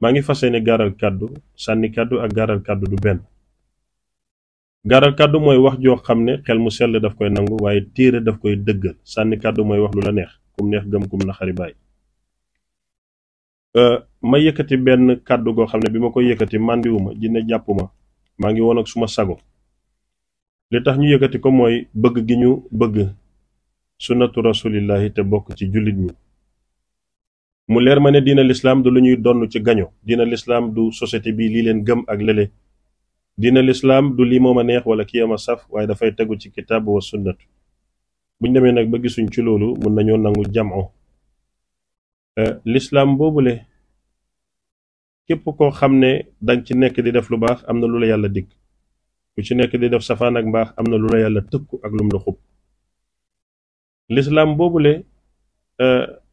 maa ngi fas yéene gaaral kàddu sànni kàddu ak gaaral kàddu du benn gaaral kàddu mooy wax joo xam ne xel mu sell daf koy nangu waaye téere daf koy dëggal sànni kàddu mooy wax lu la neex kum neex gëm kum naxari bàyyi euh, ma yëkkati benn kàddu goo xam ne bi ma koy yëkkati màndiwuma jinne jàppuma maa ngi woon ak suma sago li tax ñu yëkkati ko mooy bëgg gi ñu bëgg sunnatu rasulillahi te bokk ci jullit mi mu leer ma ne diina lislaam du lu ñuy donn ci gaño dina lislaam du société bii lii leen gëm ak lële dina lislaam du lii moom a neex wala kii am a saf waaye dafay tegu ci kitaab wa sunnat buñ demee nag ba gisuñ ci loolu mën nañoo nangu jamo euh, lislaam boobule képp koo xam ne danga ci nekk di def lu baax am na lu la yàlla dikk ku ci nekk di def safaan ak mbaax am na lu la yàlla tëkku ak lum la xub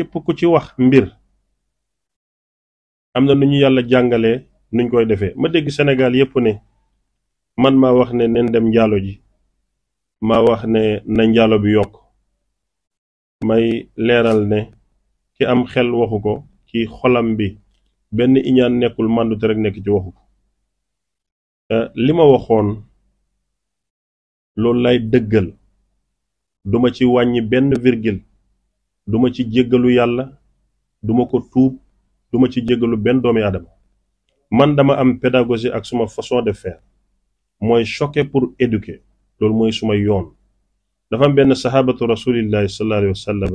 képp ku ci wax mbir am na nu ñu yàlla jàngale nuñ koy defee ma dégg Sénégal yépp ne man ma wax ne nen njaalo ji ma wax ne na njaalo bi yokk may leeral ne ki am xel waxu ko ci xolam bi benn iñaan nekkul màndute rek nekk ci waxu ko li ma waxoon loolu lay dëggal duma ci wàññi benn virgule duma ci jéggalu yàlla duma ko tuub duma ci jéggalu benn doomi aadama man dama am pédagogie ak suma façon de faire mooy choquer pour éduquer loolu mooy suma yoon dafa am benn saxaabatu rasulillahi sallallahu alayhi wa sallam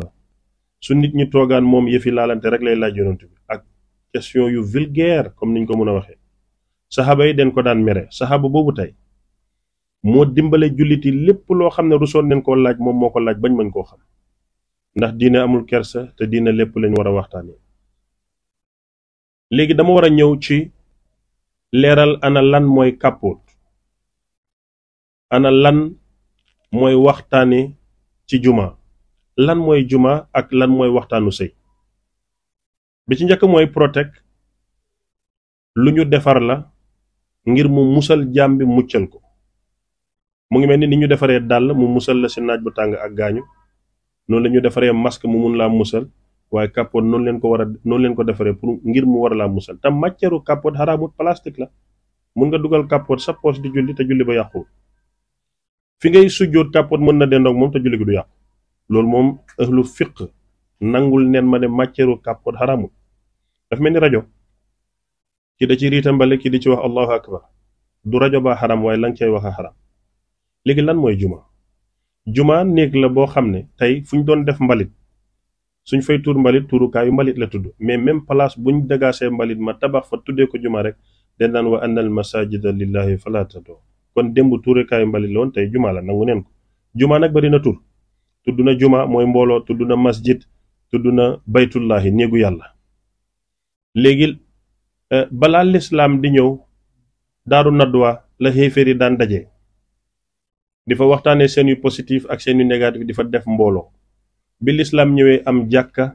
su nit ñi toogaan moom yëfi laalante rek lay laaj yonent bi ak question yu vulgaire comme ni ñu ko mën a waxee saxaaba yi den ko daan mere saxaaba boobu tey moo dimbale julliti lépp loo xam ne rusoon nañ koo laaj moom moo ko laaj bañ mañ koo xam ndax diine amul kersa te diine lépp lañ war a waxtaane léegi dama war a ñëw ci leeral ana lan mooy kàppoot ana lan mooy waxtaane ci juma lan mooy juma ak lan mooy waxtaanu sëy bi ci njëkk mooy protek lu ñu defar la ngir mu musal jaam bi muccal ko mu ngi mel ni ni ñu defaree dàll mu musal la si naaj bu tàng ak gaañu noonu la ñu defaree masque mu mun laa musal waaye capote noonu leen ko war a noonu leen ko defaree pour ngir mu war a laa musal te matière capote xaraamut plastique la mun nga dugal capote sa poche di julli te julli ba yàqu fi ngay sujjóot capote mën na dendoog moom te julli gi du yàqu loolu moom ahlu fiq nangul neen ma ne matière capote xaraamut daf mel ni rajo kii da ci riita mbale ki di ci wax allahu akbar du rajo baa xaram waaye la nga cay wax léegi lan mooy juma jumaa néeg la boo xam ne tey fu ñu doon def mbalit suñ fay tuur mbalit tuurukaayu mbalit la tudd mais même bu buñ dagaasee mbalit ma tabax fa tuddee ko jumaa rek den naan wa annal masajida lillahi fala tadoo kon démb tuurukaayu mbalit la woon tey jumaa la nangu neen ko jumaa nag bari na tur tudd na jumaa mooy mbooloo tudd na masjid tudd na baytullahi néegu yàlla léegi eh, balaa lislaam di ñëw daaru nadwa la xéeféer yi daan dajee di fa waxtaanee seen yu positif ak seen yu négatif di fa def mbooloo bi lislaam ñëwee am jàkka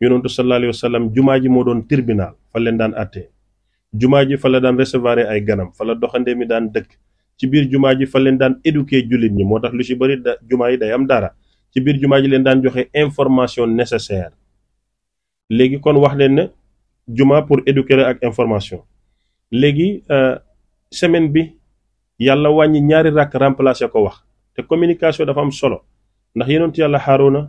yonentu sallallahu alayhi wa sallam jumaa ji moo doon tribunal fa leen daan àttee jumaa ji fa la daan recevoir ay ganam fa la doxandee mi daan dëkk ci biir jumaa ji fa leen daan éduquer jullit ñi moo tax lu ci bëri jumaa yi day am dara ci biir jumaa ji leen daan joxee information nécessaire léegi kon wax leen ne jumaa pour éduquer ak information léegi euh, semaine bi yàlla wàññi ñaari ràkk remplacé ko wax te communication dafa am solo ndax yonentu yàlla Haaruna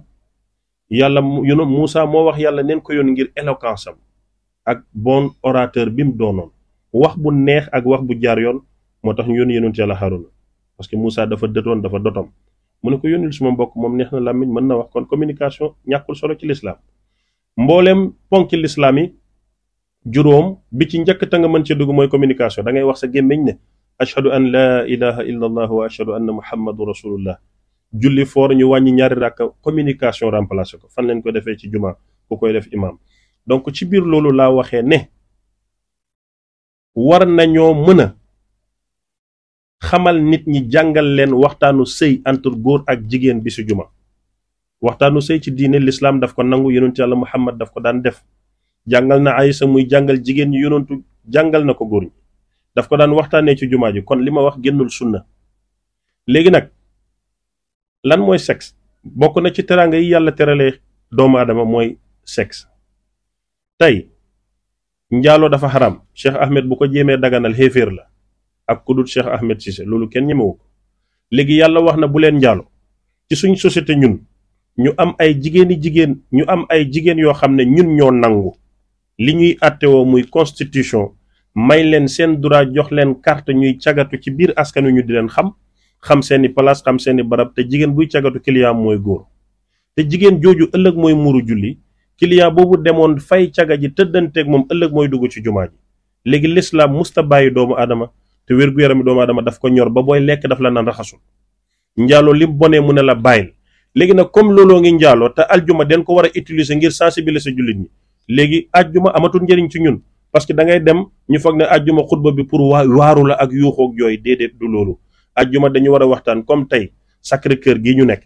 yàlla yónn Moussa moo wax yàlla neen ko yoon ngir éloquence am ak bon orateur bi mu doonoon wax bu neex ak wax bu jaar yoon moo tax ñu yónni yonentu yàlla Haaruna parce que Moussa dafa dëtoon dafa dotom mu ne ko yónnil suma mbokk moom neex na làmmiñ mën na wax kon communication ñàkkul solo ci lislaam mbooleem ponki lislaam yi juróom bi ci njëkk ta nga mën ci dugg mooy communication da wax sa gémmiñ ne ashhadu an laa ilaha illa allah wa ashhadu anna muhammadu rasulullah julli foor ñu wàññi ñaari ràkka communication remplacé ko fan leen ko defee ci juma ku koy def imaam donc ci biir loolu laa waxee ne war nañoo mën a xamal nit ñi jàngal leen waxtaanu sëy entre góor ak jigéen bi su juma waxtaanu sëy ci diine lislaam daf ko nangu yonent yàlla muhammad daf ko daan def jàngal na aysa muy jàngal jigéen ñi yonentu jàngal na ko góor ñi daf ko daan waxtaanee ci jumaa ji kon li ma wax génnul sunna léegi nag lan mooy sexe bokk na ci teraanga yi yàlla teralee doomaadama mooy sexe tey njaalo dafa xaram Cheikh Ahmed bu ko jéemee daganal xéeféer la ak ku dul Cheikh Ahmed Cissé loolu kenn ñemewu ko léegi yàlla wax na bu leen njaalo ci suñ société ñun ñu am ay jigéeni jigéen ñu am ay jigéen yoo xam ne ñun ñoo nangu li ñuy àttewoo muy constitution may leen seen droit jox leen carte ñuy cagatu ci biir askan wi ñu di leen xam xam seeni place xam seeni barab te jigéen buy cagatu client mooy góor te jigéen jooju ëllëg mooy muuru julli client boobu demoon fay caga ji tëddanteek moom ëllëg mooy dugg ci jumaa ji léegi lislaam musta bàyyi doomu adama te wér-gu-yarami doomu adama daf ko ñor ba booy lekk daf la naan raxasul njaalo li bonee mu ne la bàyyil léegi nag comme looloo ngi njaaloo te aljuma den ko war a utiliser ngir sensibiliser jullit ñi léegi aljuma amatul njëriñ ci ñun parce que da ngay dem ñu foog ne ajjuma xutba bi pour waa waaru la ak yuuxoog jooy déedéet du loolu ajjuma dañu war a waxtaan comme tey Sacré kër gi ñu nekk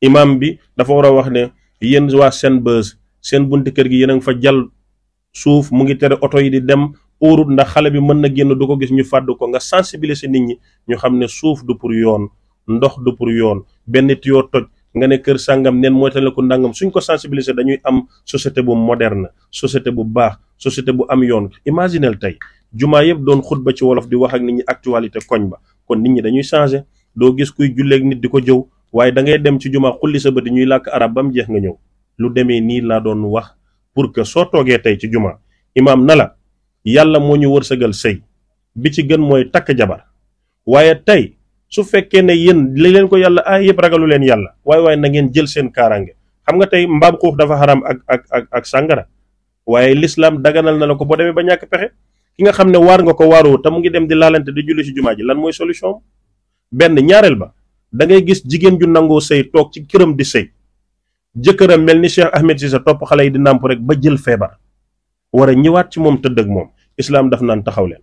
imaam bi dafa war a wax ne yéen waa seen Senbuzz seen bunt kër gi yéen a ngi fa jàll suuf mu ngi tere oto yi di dem óorut ndax xale bi mën na génn du ko gis ñu fàdd ko nga sensibiliser nit ñi ñu xam ne suuf du pour yoon ndox du pour yoon benn tuyoo toj nga ne kër sàngam neen mooy tale ko ndàngam suñ ko sensibiliser dañuy am société bu moderne société bu baax société bu am yoon imaginel tey jumaa yëpp doon xutba ci wolof di wax ak nit ñi actualité koñ ba kon nit ñi dañuy changé doo gis kuy julleeg nit di ko jëw waaye da ngay dem ci jumaa xulli sa bët ñuy làkk arab ba jeex nga ñëw lu demee nii laa doon wax pour que soo toogee tey ci jumaa imaam na la yàlla moo ñu wërsëgal sëy bi ci gën mooy takk jabar su fekkee ne yéen li leen ko yàlla ah yëpp ragalu leen yàlla waaye waaye na ngeen jël seen kaaraange xam nga tey mbaam xuux dafa xaram ak ak ak ak sàngara waaye lislaam daganal na la ko boo demee ba ñàkk pexe ki nga xam ne waar nga ko waaroo te mu ngi dem di laalante di julli ci jumaa ji lan mooy solution benn ñaareel ba da ngay gis jigéen ju nangoo sëy toog ci këram di sëy jëkkëram mel ni Cheikh Ahmed Cissé topp xale yi di nàmp rek ba jël feebar war a ñëwaat ci moom tëdd ak moom islaam daf naan taxaw leen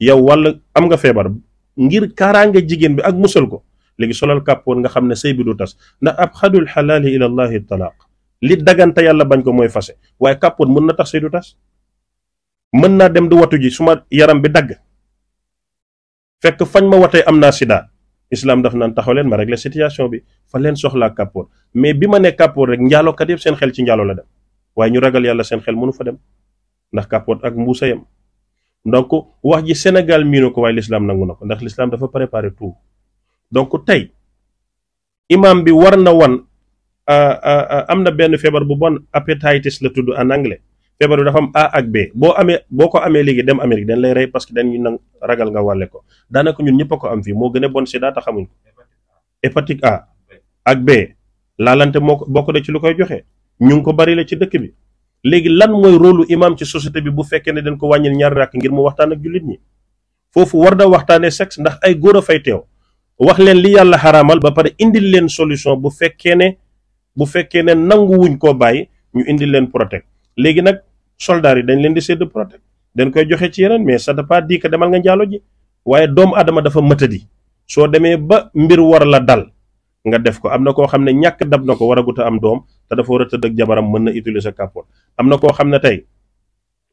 yow wàll am nga feebar ngir kaaraange jigéen bi ak musal ko léegi solal kàppoon nga xam ne sëy bi du tas ndax ab xadul xalaali ila allahi talaaq li daggante yàlla bañ ko mooy fase waaye kàppoon mën na tax sëy du tas mën naa dem du watu ji su ma yaram bi dagg fekk fañ ma watee am naa sida islam daf naan taxaw leen ma régler situation bi fa leen soxlaa kàppoon mais bi ma ne kàppoon rek njaalookat yëpp seen xel ci njaaloo la dem waaye ñu ragal yàlla seen xel mënu fa dem ndax kàppoon ak mbuusa donc wax ji Sénégal miinu ko waaye lislaam nangu na ko ndax lislaam dafa préparé tout donc tey imam bi war na wan am na benn feebar bu bon hépatitis la tudd en anglais feebar bi dafa am A ak B boo amee boo ko amee léegi dem Amérique dañ lay rey parce que dañ ñu nang ragal nga wàlle ko daanaka ñun ñëpp a ko am fii moo gën a bon sida ta xamuñ ko A ak B laalante boo ko bokk na ci lu koy joxe ñu ngi ko bari la ci dëkk bi léegi lan mooy rôle imam ci société bi bu fekkee ne dañ ko wàññil ñaari rakk ngir mu waxtaan ak jullit ñi foofu war na waxtaanee sexe ndax ay góor a fay teew wax leen li yàlla xaraamal ba pare indil leen solution bu fekkee ne bu fekkee ne nangu koo bàyyi ñu indi leen protect léegi nag soldats yi dañ leen di sédd protect dañ koy joxe ci yeneen mais sa ne pas dire demal nga njaalo ji waaye doomu aadama dafa mëtadi soo demee ba mbir war la dal nga def ko am na koo xam ne ñàkk dab na ko waragut a am doom te dafa war a tëdd ak jabaram mën na utiliser kàppoot am na koo xam ne tey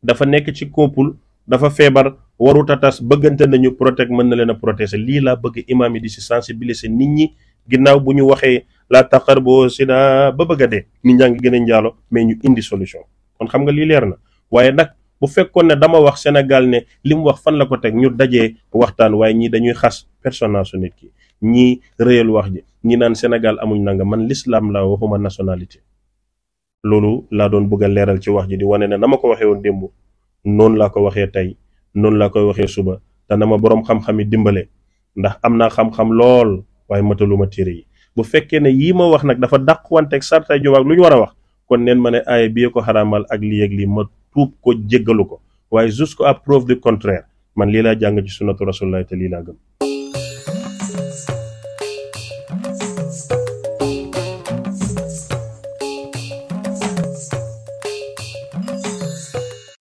dafa nekk ci couple dafa feebar warut a tas bëggante nañu protège mën na leen a lii laa bëgg imaam yi di si sensibiliser nit ñi ginnaaw bu ñu waxee laa taqar boo sida ba bëgga a nit ñaa ngi gën a njaalo mais ñu indi solution kon xam nga lii leer na waaye nag bu fekkoon ne dama wax Sénégal ne li mu wax fan la ko teg ñu dajee waxtaan waaye ñii dañuy xas personnage su nit ki ñii réyal wax ji ñi naan Sénégal amuñ nanga man lislaam laa waxuma nationalité loolu laa doon bëgg a leeral ci wax ji di wane ne na ma ko waxee woon démb noonu laa ko waxee tey noonu laa ko waxee suba te na ma boroom xam-xam yi dimbale ndax am naa xam-xam lool waaye mataluma téere yi bu fekkee ne yii ma wax nag dafa dàquwanteeg sartay jowaak lu ñu war a wax kon neen ma ne aaya bi ko xaraamal ak lii ak lii ma tuub ko jéggalu ko waaye jusqu'à preuve du contraire man lii laa jàng ci sunnatu rasulillahi te lii laa gëm